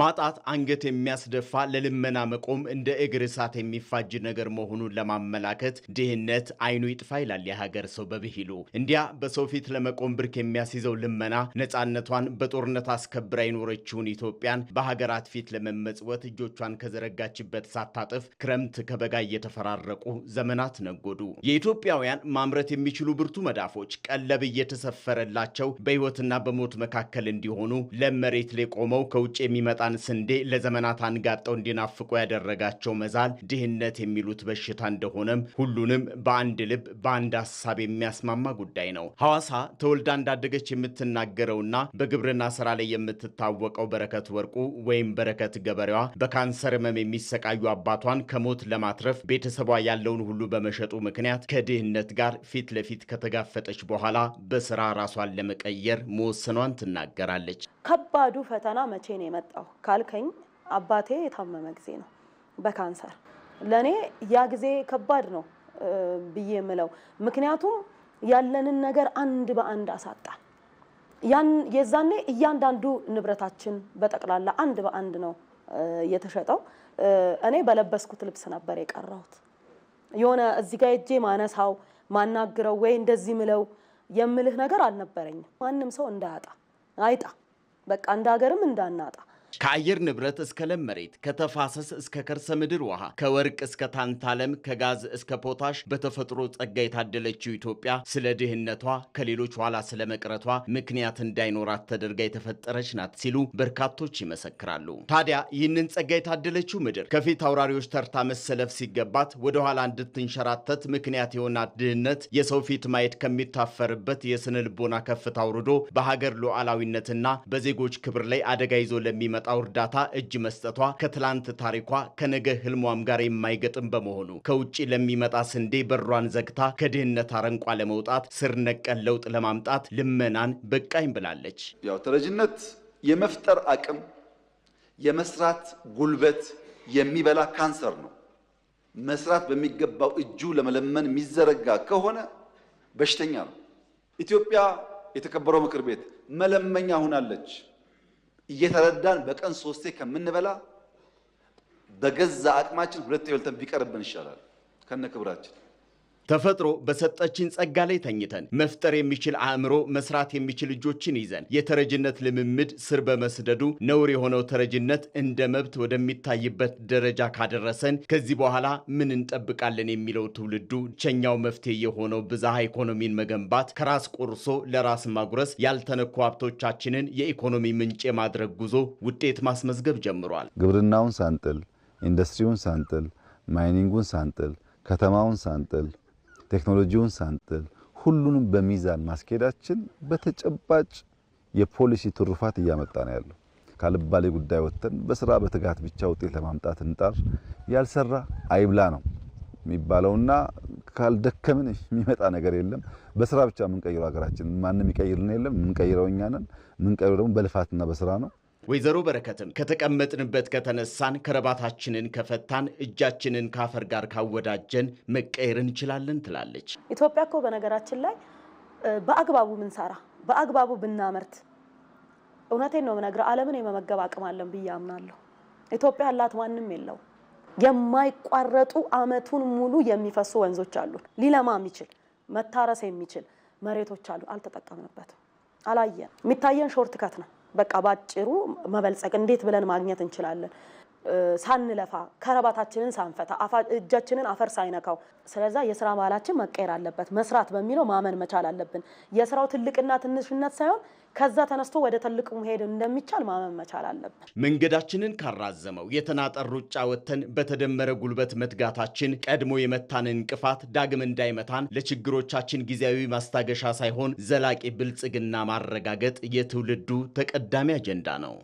ማጣት አንገት የሚያስደፋ ለልመና መቆም እንደ እግር እሳት የሚፋጅ ነገር መሆኑን ለማመላከት ድህነት አይኑ ይጥፋ ይላል የሀገር ሰው በብሂሉ። እንዲያ በሰው ፊት ለመቆም ብርክ የሚያስይዘው ልመና ነፃነቷን በጦርነት አስከብራ የኖረችውን ኢትዮጵያን በሀገራት ፊት ለመመጽወት እጆቿን ከዘረጋችበት ሳታጥፍ ክረምት ከበጋ እየተፈራረቁ ዘመናት ነጎዱ። የኢትዮጵያውያን ማምረት የሚችሉ ብርቱ መዳፎች ቀለብ እየተሰፈረላቸው በህይወትና በሞት መካከል እንዲሆኑ ለመሬት ላይ ቆመው ከውጭ የሚመ የሚመጣን ስንዴ ለዘመናት አንጋጠው እንዲናፍቁ ያደረጋቸው መዛል ድህነት የሚሉት በሽታ እንደሆነም ሁሉንም በአንድ ልብ በአንድ ሀሳብ የሚያስማማ ጉዳይ ነው። ሐዋሳ ተወልዳ እንዳደገች የምትናገረውና በግብርና ስራ ላይ የምትታወቀው በረከት ወርቁ ወይም በረከት ገበሬዋ በካንሰር ህመም የሚሰቃዩ አባቷን ከሞት ለማትረፍ ቤተሰቧ ያለውን ሁሉ በመሸጡ ምክንያት ከድህነት ጋር ፊት ለፊት ከተጋፈጠች በኋላ በስራ ራሷን ለመቀየር መወሰኗን ትናገራለች። ከባዱ ፈተና መቼ ነው የመጣው ካልከኝ አባቴ የታመመ ጊዜ ነው በካንሰር። ለእኔ ያ ጊዜ ከባድ ነው ብዬ የምለው ምክንያቱም ያለንን ነገር አንድ በአንድ አሳጣን። ያን የዛኔ እያንዳንዱ ንብረታችን በጠቅላላ አንድ በአንድ ነው የተሸጠው። እኔ በለበስኩት ልብስ ነበር የቀራሁት። የሆነ እዚህ ጋር እጄ ማነሳው ማናግረው ወይ እንደዚህ ምለው የምልህ ነገር አልነበረኝም። ማንም ሰው እንዳያጣ አይጣ በቃ እንደ ሀገርም እንዳናጣ ከአየር ንብረት እስከ ለም መሬት ከተፋሰስ እስከ ከርሰ ምድር ውሃ ከወርቅ እስከ ታንታለም ከጋዝ እስከ ፖታሽ በተፈጥሮ ጸጋ የታደለችው ኢትዮጵያ ስለ ድህነቷ ከሌሎች ኋላ ስለ መቅረቷ ምክንያት እንዳይኖራት ተደርጋ የተፈጠረች ናት ሲሉ በርካቶች ይመሰክራሉ። ታዲያ ይህንን ጸጋ የታደለችው ምድር ከፊት አውራሪዎች ተርታ መሰለፍ ሲገባት ወደኋላ እንድትንሸራተት ምክንያት የሆናት ድህነት የሰው ፊት ማየት ከሚታፈርበት የስነ ልቦና ከፍታ አውርዶ በሀገር ሉዓላዊነትና በዜጎች ክብር ላይ አደጋ ይዞ ለሚመ ለሚመጣው እርዳታ እጅ መስጠቷ ከትላንት ታሪኳ ከነገ ህልሟም ጋር የማይገጥም በመሆኑ ከውጭ ለሚመጣ ስንዴ በሯን ዘግታ ከድህነት አረንቋ ለመውጣት ስር ነቀል ለውጥ ለማምጣት ልመናን በቃኝ ብላለች። ያው ተረጅነት የመፍጠር አቅም የመስራት ጉልበት የሚበላ ካንሰር ነው። መስራት በሚገባው እጁ ለመለመን የሚዘረጋ ከሆነ በሽተኛ ነው። ኢትዮጵያ የተከበረው ምክር ቤት መለመኛ ሆናለች። እየተረዳን በቀን ሶስቴ ከምንበላ በገዛ አቅማችን ሁለት የበልተን ቢቀርብን ይሻላል ከነ ክብራችን። ተፈጥሮ በሰጠችን ጸጋ ላይ ተኝተን መፍጠር የሚችል አእምሮ፣ መስራት የሚችል እጆችን ይዘን የተረጅነት ልምምድ ስር በመስደዱ ነውር የሆነው ተረጅነት እንደ መብት ወደሚታይበት ደረጃ ካደረሰን ከዚህ በኋላ ምን እንጠብቃለን የሚለው ትውልዱ ብቸኛው መፍትሄ የሆነው ብዝሃ ኢኮኖሚን መገንባት ከራስ ቆርሶ ለራስ ማጉረስ ያልተነኩ ሀብቶቻችንን የኢኮኖሚ ምንጭ የማድረግ ጉዞ ውጤት ማስመዝገብ ጀምሯል። ግብርናውን ሳንጥል፣ ኢንዱስትሪውን ሳንጥል፣ ማይኒንጉን ሳንጥል፣ ከተማውን ሳንጥል ቴክኖሎጂውን ሳንጥል ሁሉንም በሚዛን ማስኬዳችን በተጨባጭ የፖሊሲ ትሩፋት እያመጣ ነው ያለው። ካልባሌ ጉዳይ ወጥተን በስራ በትጋት ብቻ ውጤት ለማምጣት እንጣር፣ ያልሰራ አይብላ ነው የሚባለውና ካልደከምን የሚመጣ ነገር የለም። በስራ ብቻ የምንቀይረው ሀገራችን ማንም ይቀይርልን የለም። የምንቀይረው እኛ ነን። የምንቀይረው ደግሞ በልፋትና በስራ ነው። ወይዘሮ በረከትም ከተቀመጥንበት ከተነሳን፣ ከረባታችንን ከፈታን፣ እጃችንን ከአፈር ጋር ካወዳጀን መቀየር እንችላለን ትላለች። ኢትዮጵያ እኮ በነገራችን ላይ በአግባቡ ብንሰራ፣ በአግባቡ ብናመርት፣ እውነቴን ነው የምነግረው፣ ዓለምን የመመገብ አቅም አለን ብዬ አምናለሁ። ኢትዮጵያ ያላት ማንም የለው። የማይቋረጡ አመቱን ሙሉ የሚፈሱ ወንዞች አሉን። ሊለማ የሚችል መታረስ የሚችል መሬቶች አሉ። አልተጠቀምንበትም፣ አላየን። የሚታየን ሾርት ከት ነው። በቃ ባጭሩ መበልጸግ እንዴት ብለን ማግኘት እንችላለን ሳንለፋ ከረባታችንን ሳንፈታ እጃችንን አፈር ሳይነካው፣ ስለዛ የስራ ባህላችን መቀየር አለበት። መስራት በሚለው ማመን መቻል አለብን። የስራው ትልቅና ትንሽነት ሳይሆን ከዛ ተነስቶ ወደ ትልቅ መሄድ እንደሚቻል ማመን መቻል አለብን። መንገዳችንን ካራዘመው የተናጠር ሩጫ ወጥተን በተደመረ ጉልበት መትጋታችን ቀድሞ የመታን እንቅፋት ዳግም እንዳይመታን ለችግሮቻችን ጊዜያዊ ማስታገሻ ሳይሆን ዘላቂ ብልጽግና ማረጋገጥ የትውልዱ ተቀዳሚ አጀንዳ ነው።